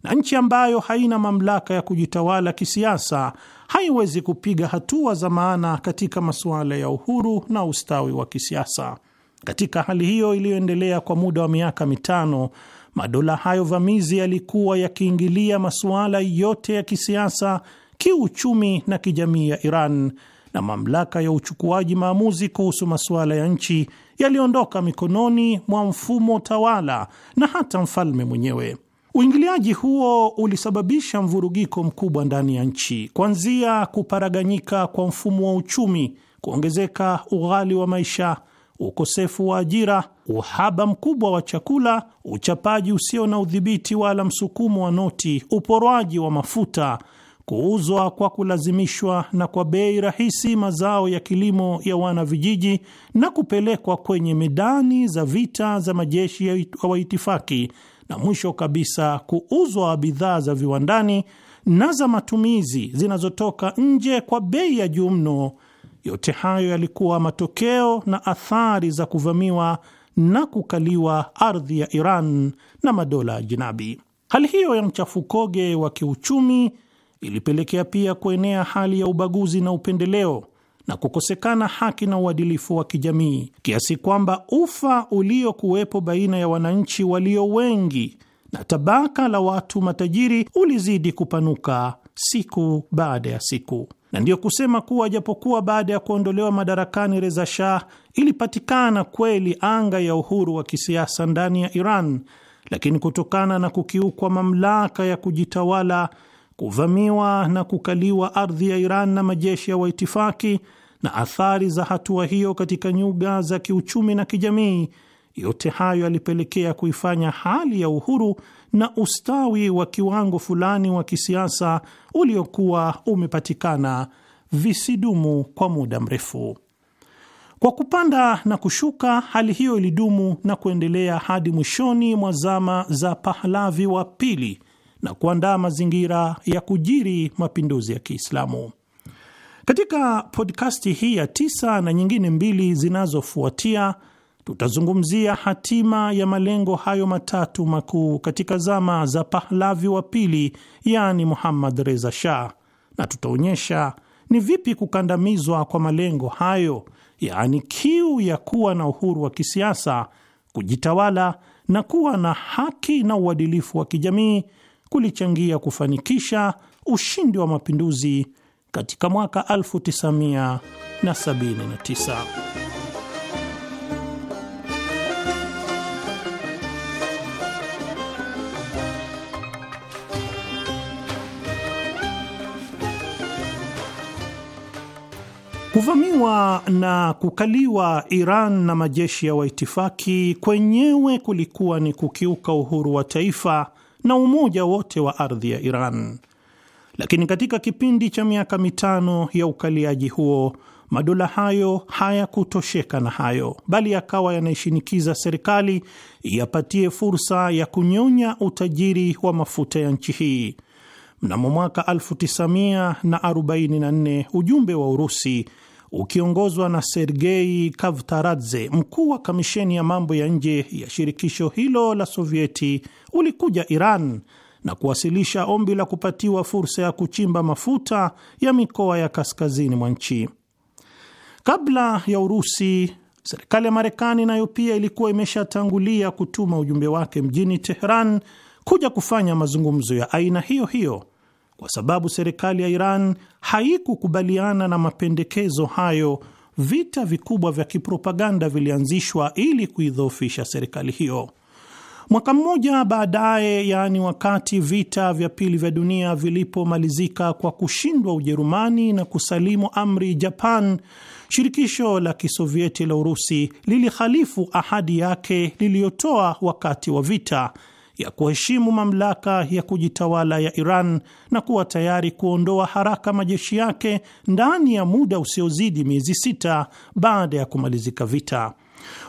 Speaker 3: na nchi ambayo haina mamlaka ya kujitawala kisiasa haiwezi kupiga hatua za maana katika masuala ya uhuru na ustawi wa kisiasa. Katika hali hiyo iliyoendelea kwa muda wa miaka mitano, madola hayo vamizi yalikuwa yakiingilia masuala yote ya kisiasa, kiuchumi na kijamii ya Iran, na mamlaka ya uchukuaji maamuzi kuhusu masuala ya nchi yaliondoka mikononi mwa mfumo tawala na hata mfalme mwenyewe. Uingiliaji huo ulisababisha mvurugiko mkubwa ndani ya nchi, kuanzia kuparaganyika kwa mfumo wa uchumi, kuongezeka ughali wa maisha, ukosefu wa ajira, uhaba mkubwa wa chakula, uchapaji usio na udhibiti wala msukumo wa noti, uporwaji wa mafuta, kuuzwa kwa kulazimishwa na kwa bei rahisi mazao ya kilimo ya wana vijiji na kupelekwa kwenye medani za vita za majeshi ya waitifaki na mwisho kabisa kuuzwa bidhaa za viwandani na za matumizi zinazotoka nje kwa bei ya juu mno. Yote hayo yalikuwa matokeo na athari za kuvamiwa na kukaliwa ardhi ya Iran na madola ya jinabi. Hali hiyo ya mchafukoge wa kiuchumi ilipelekea pia kuenea hali ya ubaguzi na upendeleo na kukosekana haki na uadilifu wa kijamii kiasi kwamba ufa uliokuwepo baina ya wananchi walio wengi na tabaka la watu matajiri ulizidi kupanuka siku baada ya siku, na ndiyo kusema kuwa japokuwa baada ya kuondolewa madarakani Reza Shah ilipatikana kweli anga ya uhuru wa kisiasa ndani ya Iran, lakini kutokana na kukiukwa mamlaka ya kujitawala kuvamiwa na kukaliwa ardhi ya Iran na majeshi ya waitifaki na athari za hatua hiyo katika nyuga za kiuchumi na kijamii, yote hayo yalipelekea kuifanya hali ya uhuru na ustawi wa kiwango fulani wa kisiasa uliokuwa umepatikana visidumu kwa muda mrefu. Kwa kupanda na kushuka, hali hiyo ilidumu na kuendelea hadi mwishoni mwa zama za Pahlavi wa pili na kuandaa mazingira ya kujiri mapinduzi ya Kiislamu. Katika podkasti hii ya tisa na nyingine mbili zinazofuatia tutazungumzia hatima ya malengo hayo matatu makuu katika zama za Pahlavi wa pili, yaani Muhammad Reza Shah, na tutaonyesha ni vipi kukandamizwa kwa malengo hayo, yaani kiu ya kuwa na uhuru wa kisiasa, kujitawala na kuwa na haki na uadilifu wa kijamii kulichangia kufanikisha ushindi wa mapinduzi katika mwaka 1979. Kuvamiwa na kukaliwa Iran na majeshi ya waitifaki kwenyewe kulikuwa ni kukiuka uhuru wa taifa na umoja wote wa ardhi ya Iran. Lakini katika kipindi cha miaka mitano ya ukaliaji huo, madola hayo hayakutosheka na hayo, bali yakawa yanaishinikiza serikali iyapatie fursa ya kunyonya utajiri wa mafuta ya nchi hii. Mnamo mwaka 1944 ujumbe wa Urusi ukiongozwa na Sergei Kavtaradze, mkuu wa kamisheni ya mambo ya nje ya shirikisho hilo la Sovieti, ulikuja Iran na kuwasilisha ombi la kupatiwa fursa ya kuchimba mafuta ya mikoa ya kaskazini mwa nchi. Kabla ya Urusi, serikali ya Marekani nayo pia ilikuwa imeshatangulia kutuma ujumbe wake mjini Teheran kuja kufanya mazungumzo ya aina hiyo hiyo kwa sababu serikali ya Iran haikukubaliana na mapendekezo hayo. Vita vikubwa vya kipropaganda vilianzishwa ili kuidhoofisha serikali hiyo. Mwaka mmoja baadaye, yaani wakati vita vya pili vya dunia vilipomalizika kwa kushindwa Ujerumani na kusalimu amri Japan, shirikisho la kisovieti la Urusi lilihalifu ahadi yake liliyotoa wakati wa vita ya kuheshimu mamlaka ya kujitawala ya Iran na kuwa tayari kuondoa haraka majeshi yake ndani ya muda usiozidi miezi sita baada ya kumalizika vita.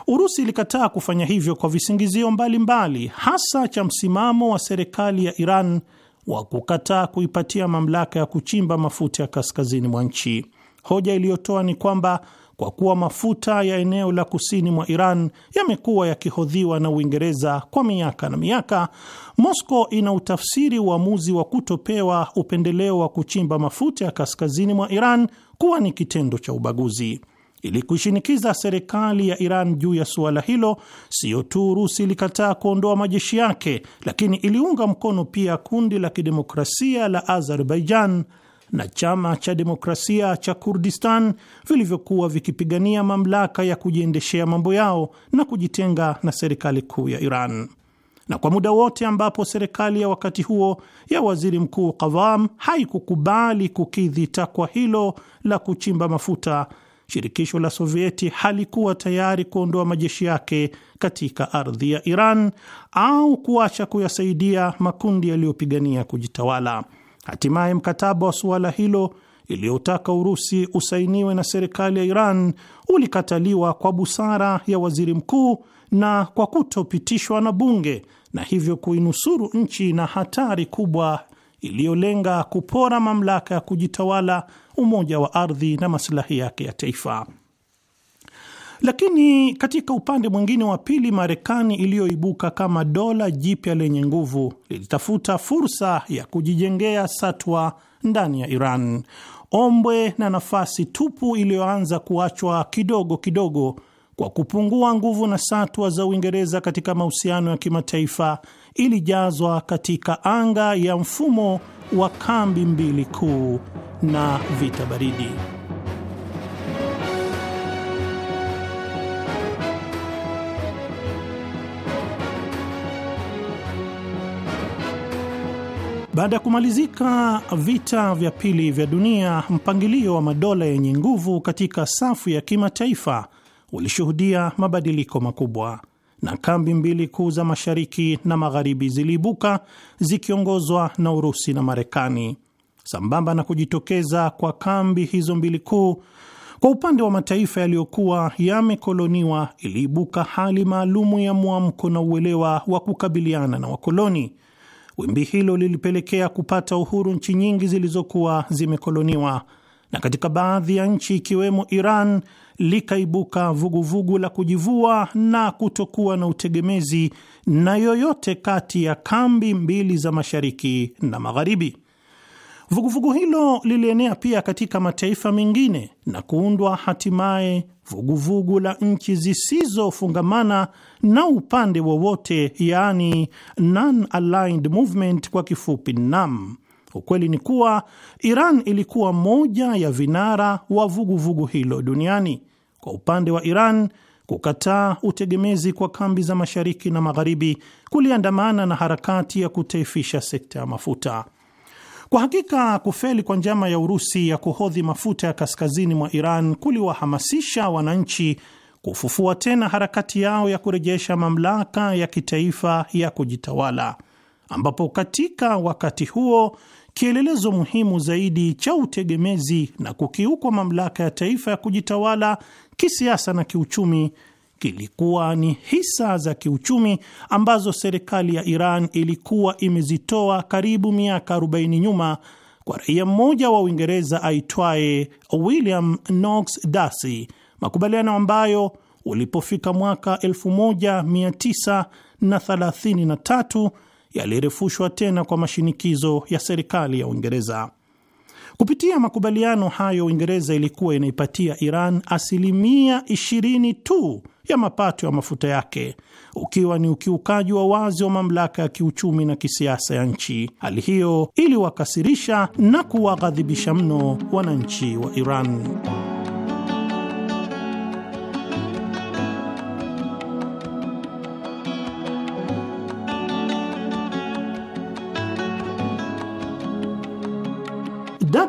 Speaker 3: Urusi ilikataa kufanya hivyo kwa visingizio mbalimbali mbali, hasa cha msimamo wa serikali ya Iran wa kukataa kuipatia mamlaka ya kuchimba mafuta ya kaskazini mwa nchi. Hoja iliyotoa ni kwamba kwa kuwa mafuta ya eneo la kusini mwa Iran yamekuwa yakihodhiwa na Uingereza kwa miaka na miaka, Moscow ina utafsiri uamuzi wa kutopewa upendeleo wa kuchimba mafuta ya kaskazini mwa Iran kuwa ni kitendo cha ubaguzi. Ili kuishinikiza serikali ya Iran juu ya suala hilo, siyo tu Urusi ilikataa kuondoa majeshi yake, lakini iliunga mkono pia kundi la kidemokrasia la Azerbaijan na chama cha demokrasia cha Kurdistan vilivyokuwa vikipigania mamlaka ya kujiendeshea mambo yao na kujitenga na serikali kuu ya Iran. Na kwa muda wote ambapo serikali ya wakati huo ya waziri mkuu Kavam haikukubali kukidhi takwa hilo la kuchimba mafuta, shirikisho la Sovieti halikuwa tayari kuondoa majeshi yake katika ardhi ya Iran au kuacha kuyasaidia makundi yaliyopigania kujitawala. Hatimaye mkataba wa suala hilo iliyotaka Urusi usainiwe na serikali ya Iran ulikataliwa kwa busara ya waziri mkuu na kwa kutopitishwa na bunge, na hivyo kuinusuru nchi na hatari kubwa iliyolenga kupora mamlaka ya kujitawala, umoja wa ardhi na masilahi yake ya taifa. Lakini katika upande mwingine wa pili, Marekani iliyoibuka kama dola jipya lenye nguvu lilitafuta fursa ya kujijengea satwa ndani ya Iran, ombwe na nafasi tupu iliyoanza kuachwa kidogo kidogo kwa kupungua nguvu na satwa za Uingereza katika mahusiano ya kimataifa ilijazwa katika anga ya mfumo wa kambi mbili kuu na vita baridi. Baada ya kumalizika vita vya pili vya dunia, mpangilio wa madola yenye nguvu katika safu ya kimataifa ulishuhudia mabadiliko makubwa, na kambi mbili kuu za mashariki na magharibi ziliibuka zikiongozwa na Urusi na Marekani. Sambamba na kujitokeza kwa kambi hizo mbili kuu, kwa upande wa mataifa yaliyokuwa yamekoloniwa, iliibuka hali maalumu ya mwamko na uelewa wa kukabiliana na wakoloni Wimbi hilo lilipelekea kupata uhuru nchi nyingi zilizokuwa zimekoloniwa, na katika baadhi ya nchi ikiwemo Iran likaibuka vuguvugu vugu la kujivua na kutokuwa na utegemezi na yoyote kati ya kambi mbili za mashariki na magharibi. Vuguvugu hilo lilienea pia katika mataifa mengine na kuundwa hatimaye vuguvugu la nchi zisizofungamana na upande wowote, yaani non-aligned movement, kwa kifupi NAM. Ukweli ni kuwa Iran ilikuwa moja ya vinara wa vuguvugu vugu hilo duniani. Kwa upande wa Iran, kukataa utegemezi kwa kambi za mashariki na magharibi kuliandamana na harakati ya kutaifisha sekta ya mafuta. Kwa hakika kufeli kwa njama ya Urusi ya kuhodhi mafuta ya kaskazini mwa Iran kuliwahamasisha wananchi kufufua tena harakati yao ya kurejesha mamlaka ya kitaifa ya kujitawala, ambapo katika wakati huo kielelezo muhimu zaidi cha utegemezi na kukiukwa mamlaka ya taifa ya kujitawala kisiasa na kiuchumi kilikuwa ni hisa za kiuchumi ambazo serikali ya Iran ilikuwa imezitoa karibu miaka 40 nyuma kwa raia mmoja wa Uingereza aitwaye William Knox Darcy, makubaliano ambayo ulipofika mwaka 1933 yalirefushwa tena kwa mashinikizo ya serikali ya Uingereza. Kupitia makubaliano hayo, Uingereza ilikuwa inaipatia Iran asilimia 20 tu ya mapato ya mafuta yake, ukiwa ni ukiukaji wa wazi wa mamlaka ya kiuchumi na kisiasa ya nchi. Hali hiyo iliwakasirisha na kuwaghadhibisha mno wananchi wa Iran.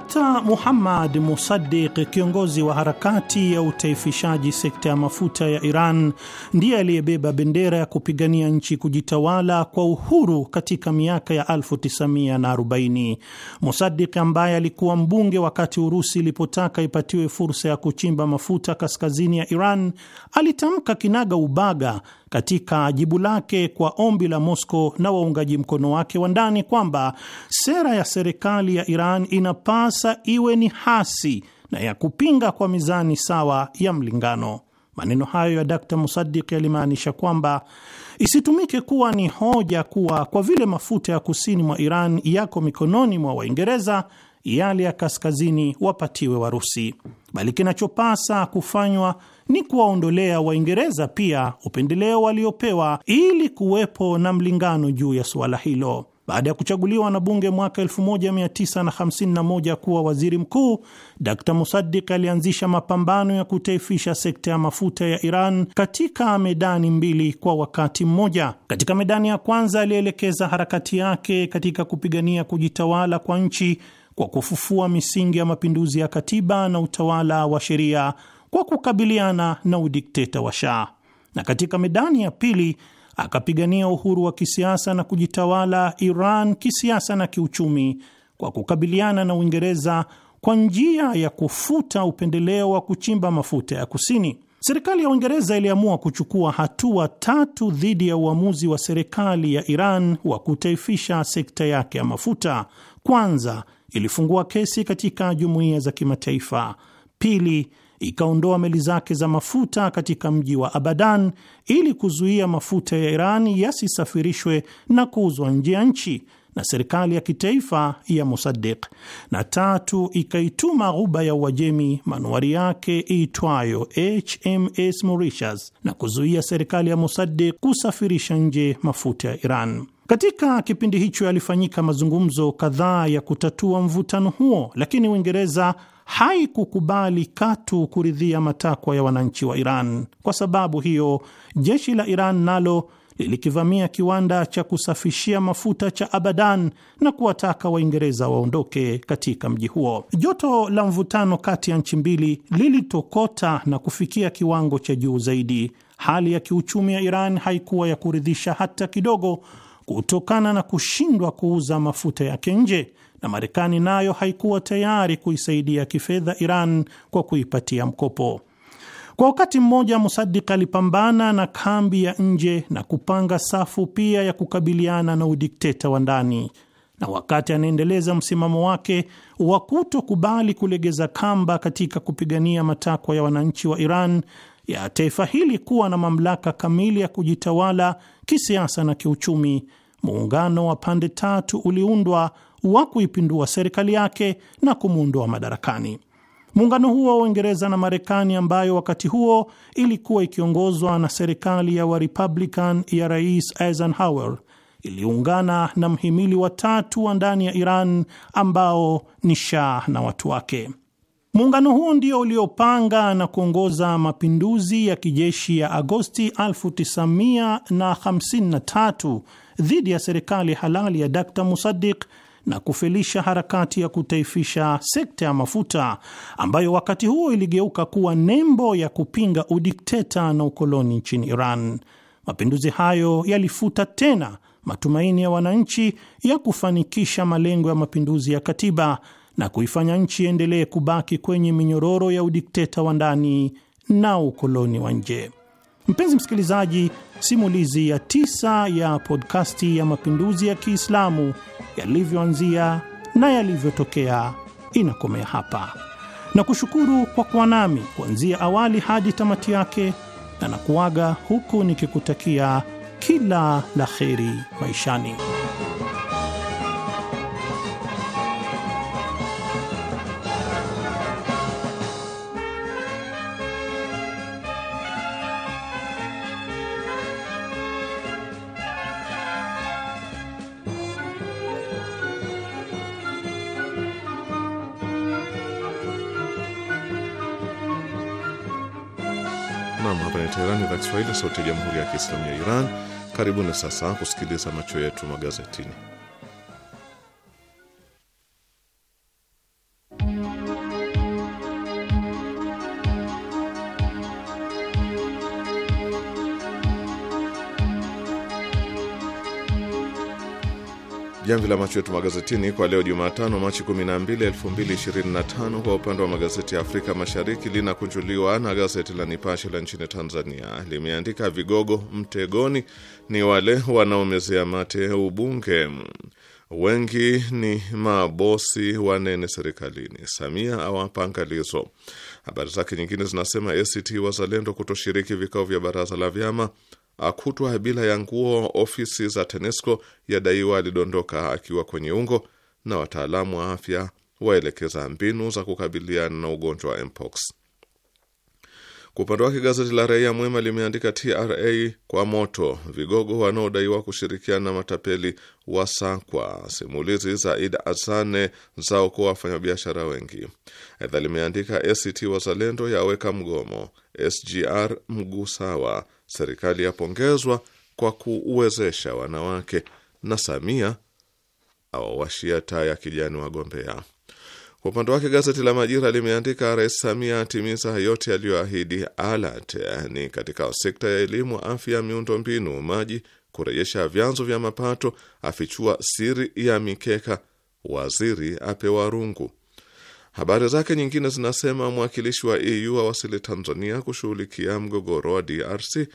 Speaker 3: Dkt Muhammad Musaddiq, kiongozi wa harakati ya utaifishaji sekta ya mafuta ya Iran, ndiye aliyebeba bendera ya kupigania nchi kujitawala kwa uhuru katika miaka ya 1940. Musaddiq ambaye alikuwa mbunge wakati Urusi ilipotaka ipatiwe fursa ya kuchimba mafuta kaskazini ya Iran, alitamka kinaga ubaga katika jibu lake kwa ombi la Moscow na waungaji mkono wake wa ndani kwamba sera ya serikali ya Iran inapasa iwe ni hasi na ya kupinga kwa mizani sawa ya mlingano. Maneno hayo ya Dkt. Musadik yalimaanisha kwamba isitumike kuwa ni hoja kuwa kwa vile mafuta ya kusini mwa Iran yako mikononi mwa Waingereza, yale ya kaskazini wapatiwe Warusi bali kinachopasa kufanywa ni kuwaondolea Waingereza pia upendeleo waliopewa ili kuwepo na mlingano juu ya suala hilo. Baada ya kuchaguliwa na bunge mwaka 1951 kuwa waziri mkuu, Dr musadik alianzisha mapambano ya kutaifisha sekta ya mafuta ya Iran katika medani mbili kwa wakati mmoja. Katika medani ya kwanza, alielekeza harakati yake katika kupigania kujitawala kwa nchi kwa kufufua misingi ya mapinduzi ya katiba na utawala wa sheria kwa kukabiliana na udikteta wa Shah, na katika medani ya pili akapigania uhuru wa kisiasa na kujitawala Iran kisiasa na kiuchumi kwa kukabiliana na Uingereza kwa njia ya kufuta upendeleo wa kuchimba mafuta ya kusini. Serikali ya Uingereza iliamua kuchukua hatua tatu dhidi ya uamuzi wa serikali ya Iran wa kutaifisha sekta yake ya mafuta. Kwanza, ilifungua kesi katika jumuiya za kimataifa. Pili, ikaondoa meli zake za mafuta katika mji wa Abadan ili kuzuia mafuta ya Iran yasisafirishwe na kuuzwa nje ya nchi na serikali ya kitaifa ya musadik na tatu ikaituma ghuba ya Uajemi manuari yake iitwayo HMS Mauritius na kuzuia serikali ya musadik kusafirisha nje mafuta ya Iran. Katika kipindi hicho yalifanyika mazungumzo kadhaa ya kutatua mvutano huo, lakini Uingereza haikukubali katu kuridhia matakwa ya wananchi wa Iran. Kwa sababu hiyo, jeshi la Iran nalo likivamia kiwanda cha kusafishia mafuta cha Abadan na kuwataka Waingereza waondoke katika mji huo. Joto la mvutano kati ya nchi mbili lilitokota na kufikia kiwango cha juu zaidi. Hali ya kiuchumi ya Iran haikuwa ya kuridhisha hata kidogo, kutokana na kushindwa kuuza mafuta yake nje, na Marekani nayo haikuwa tayari kuisaidia kifedha Iran kwa kuipatia mkopo. Kwa wakati mmoja, Musadik alipambana na kambi ya nje na kupanga safu pia ya kukabiliana na udikteta wa ndani, na wakati anaendeleza msimamo wake wa kutokubali kulegeza kamba katika kupigania matakwa ya wananchi wa Iran ya taifa hili kuwa na mamlaka kamili ya kujitawala kisiasa na kiuchumi, muungano wa pande tatu uliundwa wa kuipindua serikali yake na kumuundoa madarakani. Muungano huo wa Uingereza na Marekani, ambayo wakati huo ilikuwa ikiongozwa na serikali ya Warepublican ya Rais Eisenhower, iliungana na mhimili wa tatu wa ndani ya Iran ambao ni Shah na watu wake. Muungano huo ndio uliopanga na kuongoza mapinduzi ya kijeshi ya Agosti 1953 dhidi ya serikali halali ya Dr Musadik na kufelisha harakati ya kutaifisha sekta ya mafuta ambayo wakati huo iligeuka kuwa nembo ya kupinga udikteta na ukoloni nchini Iran. Mapinduzi hayo yalifuta tena matumaini ya wananchi ya kufanikisha malengo ya mapinduzi ya katiba na kuifanya nchi endelee kubaki kwenye minyororo ya udikteta wa ndani na ukoloni wa nje. Mpenzi msikilizaji, simulizi ya tisa ya podkasti ya mapinduzi ya Kiislamu yalivyoanzia na yalivyotokea inakomea hapa, na kushukuru kwa kuwa nami kuanzia awali hadi tamati yake, na nakuaga huku nikikutakia kila la kheri maishani.
Speaker 1: Teherani, idhaa Kiswahili, sauti ya jamhuri ya kiislamu ya Iran. Karibuni sasa kusikiliza macho yetu magazetini. jamvi la macho yetu magazetini kwa leo Jumatano, Machi 12, 2025. Kwa upande wa magazeti ya Afrika Mashariki, linakunjuliwa na gazeti la Nipashe la nchini Tanzania. Limeandika vigogo mtegoni ni wale wanaomezea mate ubunge, wengi ni mabosi wanene serikalini, Samia awapa angalizo. Habari zake nyingine zinasema ACT Wazalendo kutoshiriki vikao vya baraza la vyama akutwa bila ya nguo ofisi za TANESCO yadaiwa alidondoka akiwa kwenye ungo, na wataalamu wa afya waelekeza mbinu za kukabiliana na ugonjwa wa mpox. Kwa upande wake gazeti la Raia Mwema limeandika TRA kwa moto, vigogo wanaodaiwa kushirikiana na matapeli wasakwa, simulizi za Id Asane za wafanyabiashara wengi. Aidha limeandika ACT Wazalendo yaweka mgomo, SGR mguu sawa, serikali yapongezwa kwa kuwezesha wanawake, na Samia awawashia taa ya kijani wagombea. Kwa upande wake gazeti la Majira limeandika Rais Samia atimiza yote aliyoahidi. ALAT ni katika sekta ya elimu, afya, miundo mbinu, maji, kurejesha vyanzo vya mapato, afichua siri ya mikeka, waziri apewa rungu. Habari zake nyingine zinasema mwakilishi wa EU awasili Tanzania kushughulikia mgogoro wa DRC.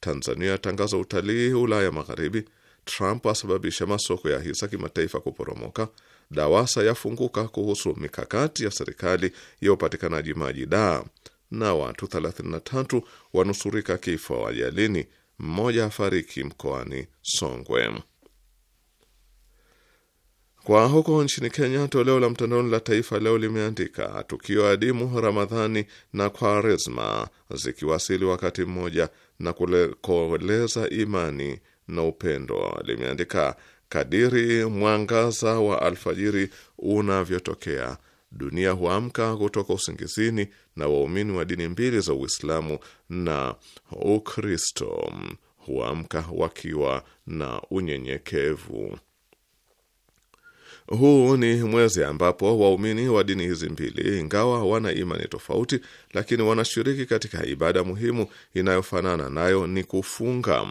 Speaker 1: Tanzania atangaza utalii Ulaya Magharibi. Trump asababisha masoko ya hisa kimataifa kuporomoka. DAWASA yafunguka kuhusu mikakati ya serikali ya upatikanaji maji daa, na watu 33 wanusurika kifo ajalini, mmoja afariki mkoani Songwe. Kwa huko nchini Kenya, toleo la mtandaoni la Taifa Leo limeandika tukio adimu Ramadhani na Kwaresma zikiwasili wakati mmoja na kulekoleza imani na upendo. Limeandika kadiri mwangaza wa alfajiri unavyotokea, dunia huamka kutoka usingizini, na waumini wa dini mbili za Uislamu na Ukristo huamka wakiwa na unyenyekevu. Huu ni mwezi ambapo waumini wa dini hizi mbili, ingawa wana imani tofauti, lakini wanashiriki katika ibada muhimu inayofanana nayo ni kufunga.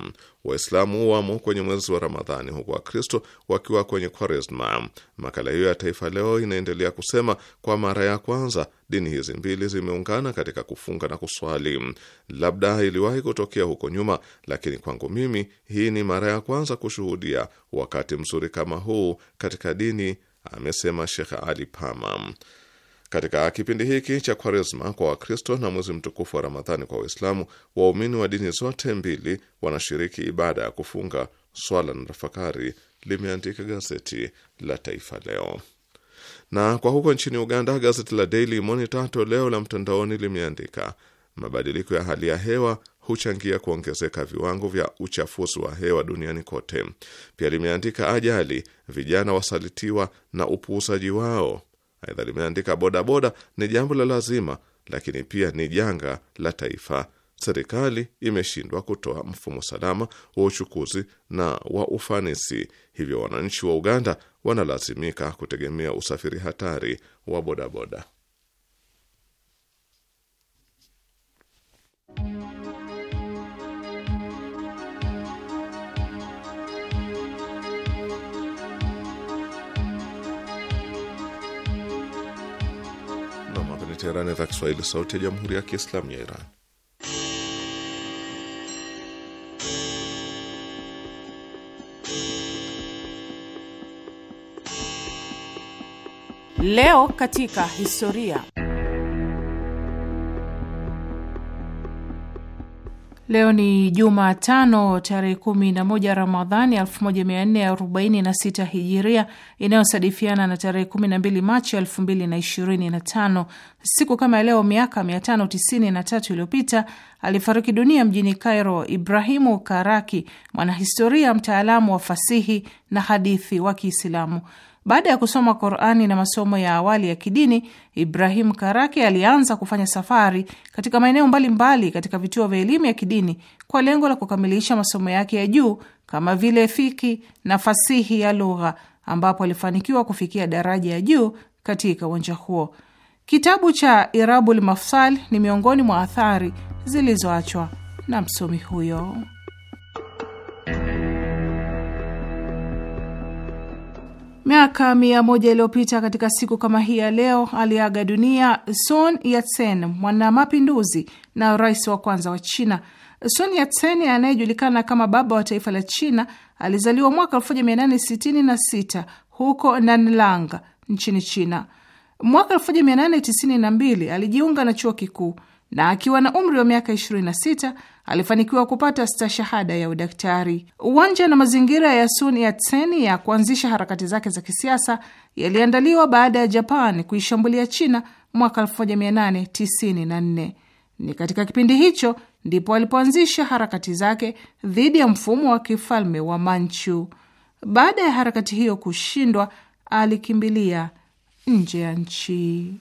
Speaker 1: Waislamu wamo kwenye mwezi wa Ramadhani huku Wakristo wakiwa kwenye Kwaresma. Makala hiyo ya Taifa Leo inaendelea kusema, kwa mara ya kwanza dini hizi mbili zimeungana katika kufunga na kuswali. Labda iliwahi kutokea huko nyuma, lakini kwangu mimi hii ni mara ya kwanza kushuhudia wakati mzuri kama huu katika dini, amesema Shekh Ali Pama. Katika kipindi hiki cha Kwaresma kwa Wakristo na mwezi mtukufu wa Ramadhani kwa Waislamu, waumini wa dini zote mbili wanashiriki ibada ya kufunga, swala na tafakari, limeandika gazeti la Taifa Leo. Na kwa huko nchini Uganda, gazeti la Daily Monitor toleo la mtandaoni limeandika mabadiliko ya hali ya hewa huchangia kuongezeka viwango vya uchafuzi wa hewa duniani kote. Pia limeandika ajali, vijana wasalitiwa na upuuzaji wao Aidha limeandika bodaboda ni jambo la lazima, lakini pia ni janga la taifa. Serikali imeshindwa kutoa mfumo salama wa uchukuzi na wa ufanisi, hivyo wananchi wa Uganda wanalazimika kutegemea usafiri hatari wa bodaboda. ni Teherani, idhaa Kiswahili, sauti ya jamhuri ya kiislamu ya Iran.
Speaker 4: Leo katika historia Leo ni Jumatano tarehe kumi na moja Ramadhani sita hijiria inayosadifiana na tarehe mbili Machi tano. Siku kama leo miaka mia5 tatu iliyopita alifariki dunia mjini Cairo Ibrahimu Karaki, mwanahistoria, mtaalamu wa fasihi na hadithi wa Kiislamu. Baada ya kusoma Qurani na masomo ya awali ya kidini, Ibrahim Karaki alianza kufanya safari katika maeneo mbalimbali katika vituo vya elimu ya kidini kwa lengo la kukamilisha masomo yake ya juu kama vile fiki na fasihi ya lugha, ambapo alifanikiwa kufikia daraja ya juu katika uwanja huo. Kitabu cha Irabul Mafsal ni miongoni mwa athari zilizoachwa na msomi huyo. Miaka mia moja iliyopita katika siku kama hii ya leo aliaga dunia Sun Yatsen, mwanamapinduzi na rais wa kwanza wa China. Sun Yatsen anayejulikana kama baba wa taifa la China alizaliwa mwaka 1866 huko Nanlang nchini China. Mwaka 1892 alijiunga na chuo kikuu na akiwa na umri wa miaka 26 alifanikiwa kupata stashahada ya udaktari. Uwanja na mazingira ya Sun Yat-sen ya kuanzisha harakati zake za kisiasa yaliandaliwa baada ya Japan kuishambulia China mwaka 1894. Ni katika kipindi hicho ndipo alipoanzisha harakati zake dhidi ya mfumo wa kifalme wa Manchu. Baada ya harakati hiyo kushindwa, alikimbilia nje ya nchi.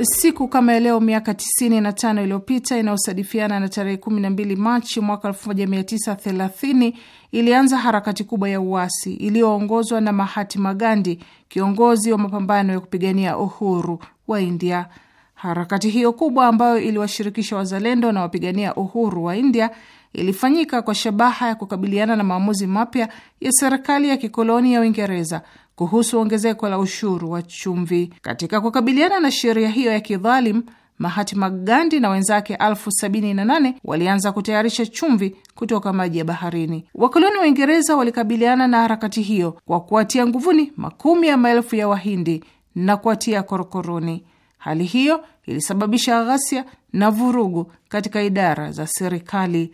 Speaker 4: siku kama leo miaka 95 iliyopita inayosadifiana na tarehe 12 Machi mwaka 1930 ilianza harakati kubwa ya uasi iliyoongozwa na Mahatma Gandhi, kiongozi wa mapambano ya kupigania uhuru wa India. Harakati hiyo kubwa ambayo iliwashirikisha wazalendo na wapigania uhuru wa India ilifanyika kwa shabaha ya kukabiliana na maamuzi mapya ya serikali ya kikoloni ya Uingereza kuhusu ongezeko la ushuru wa chumvi. Katika kukabiliana na sheria hiyo ya kidhalimu, Mahatma Gandhi na wenzake elfu sabini na nane walianza kutayarisha chumvi kutoka maji ya baharini. Wakoloni wa Uingereza walikabiliana na harakati hiyo kwa kuwatia nguvuni makumi ya maelfu ya Wahindi na kuwatia korokoroni. Hali hiyo ilisababisha ghasia na vurugu katika idara za serikali.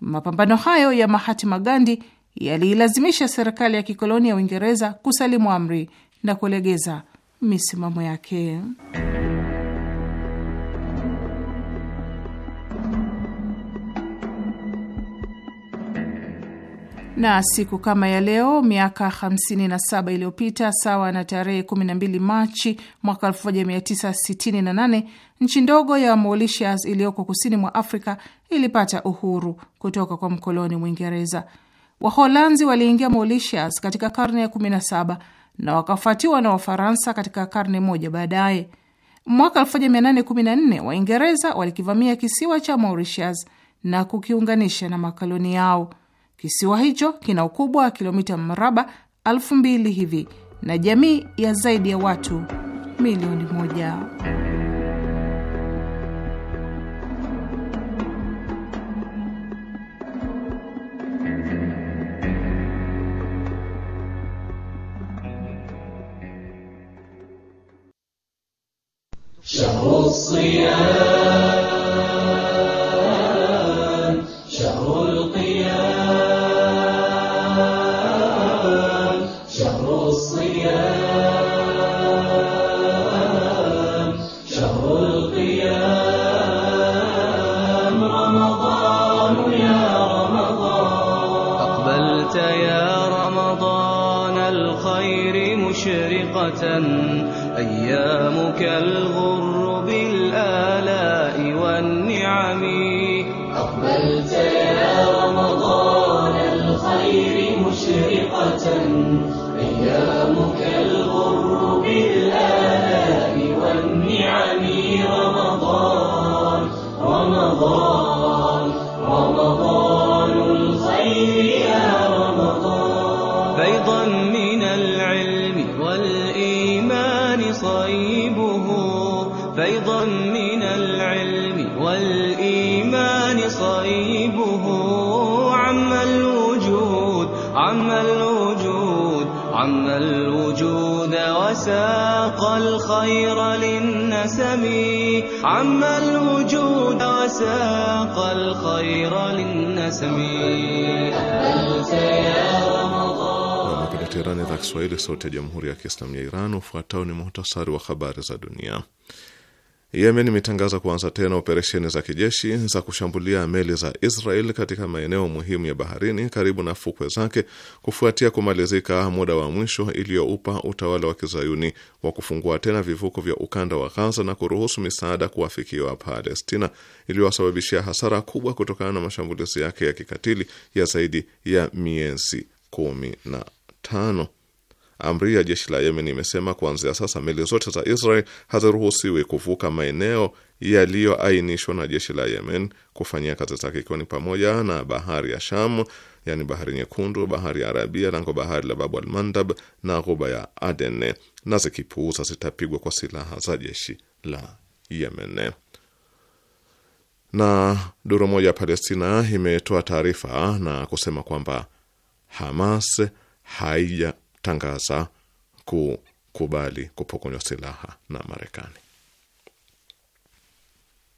Speaker 4: Mapambano hayo ya Mahatma Gandhi yaliilazimisha serikali ya kikoloni ya Uingereza kusalimu amri na kulegeza misimamo yake. na siku kama ya leo miaka 57 iliyopita sawa na tarehe 12 Machi mwaka 1968 nchi ndogo ya Mauritius iliyoko kusini mwa Afrika ilipata uhuru kutoka kwa mkoloni Mwingereza. Waholanzi waliingia Mauritius katika karne ya 17 na wakafuatiwa na Wafaransa katika karne moja baadaye. Mwaka 1814 Waingereza walikivamia kisiwa cha Mauritius na kukiunganisha na makoloni yao. Kisiwa hicho kina ukubwa wa kilomita mraba elfu mbili hivi na jamii ya zaidi ya watu milioni moja.
Speaker 5: شهر الصيام شهر القيام شهر الصيام شهر القيام رمضان يا
Speaker 2: رمضان أقبلت يا رمضان الخير مشرقة كالغرور ساق الخير للنسم عم الوجود وساق الخير
Speaker 4: للنسم
Speaker 1: Napenda Teherani, idhaa Kiswahili, sauti ya jamhuri ya kiislamu ya Iran. Ufuatao ni muhtasari wa habari za dunia. Yemen imetangaza kuanza tena operesheni za kijeshi za kushambulia meli za Israel katika maeneo muhimu ya baharini karibu na fukwe zake kufuatia kumalizika muda wa mwisho iliyoupa utawala wa kizayuni wa kufungua tena vivuko vya ukanda wa Ghaza na kuruhusu misaada kuwafikiwa Palestina iliyowasababishia hasara kubwa kutokana na mashambulizi yake ya kikatili ya zaidi ya miezi kumi na tano. Amri ya jeshi la Yemen imesema kuanzia sasa meli zote za Israel haziruhusiwi kuvuka maeneo yaliyoainishwa na jeshi la Yemen kufanyia kazi zake, ikiwa ni pamoja na bahari ya Sham, yani bahari nyekundu, bahari ya Arabia, lango bahari la Babu al-Mandab na ghuba ya Aden, na zikipuuza zitapigwa kwa silaha za jeshi la Yemen. Na duru moja ya Palestina imetoa taarifa na kusema kwamba Hamas haija kutangaza kukubali kupokonywa silaha na Marekani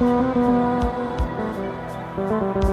Speaker 5: Thank you.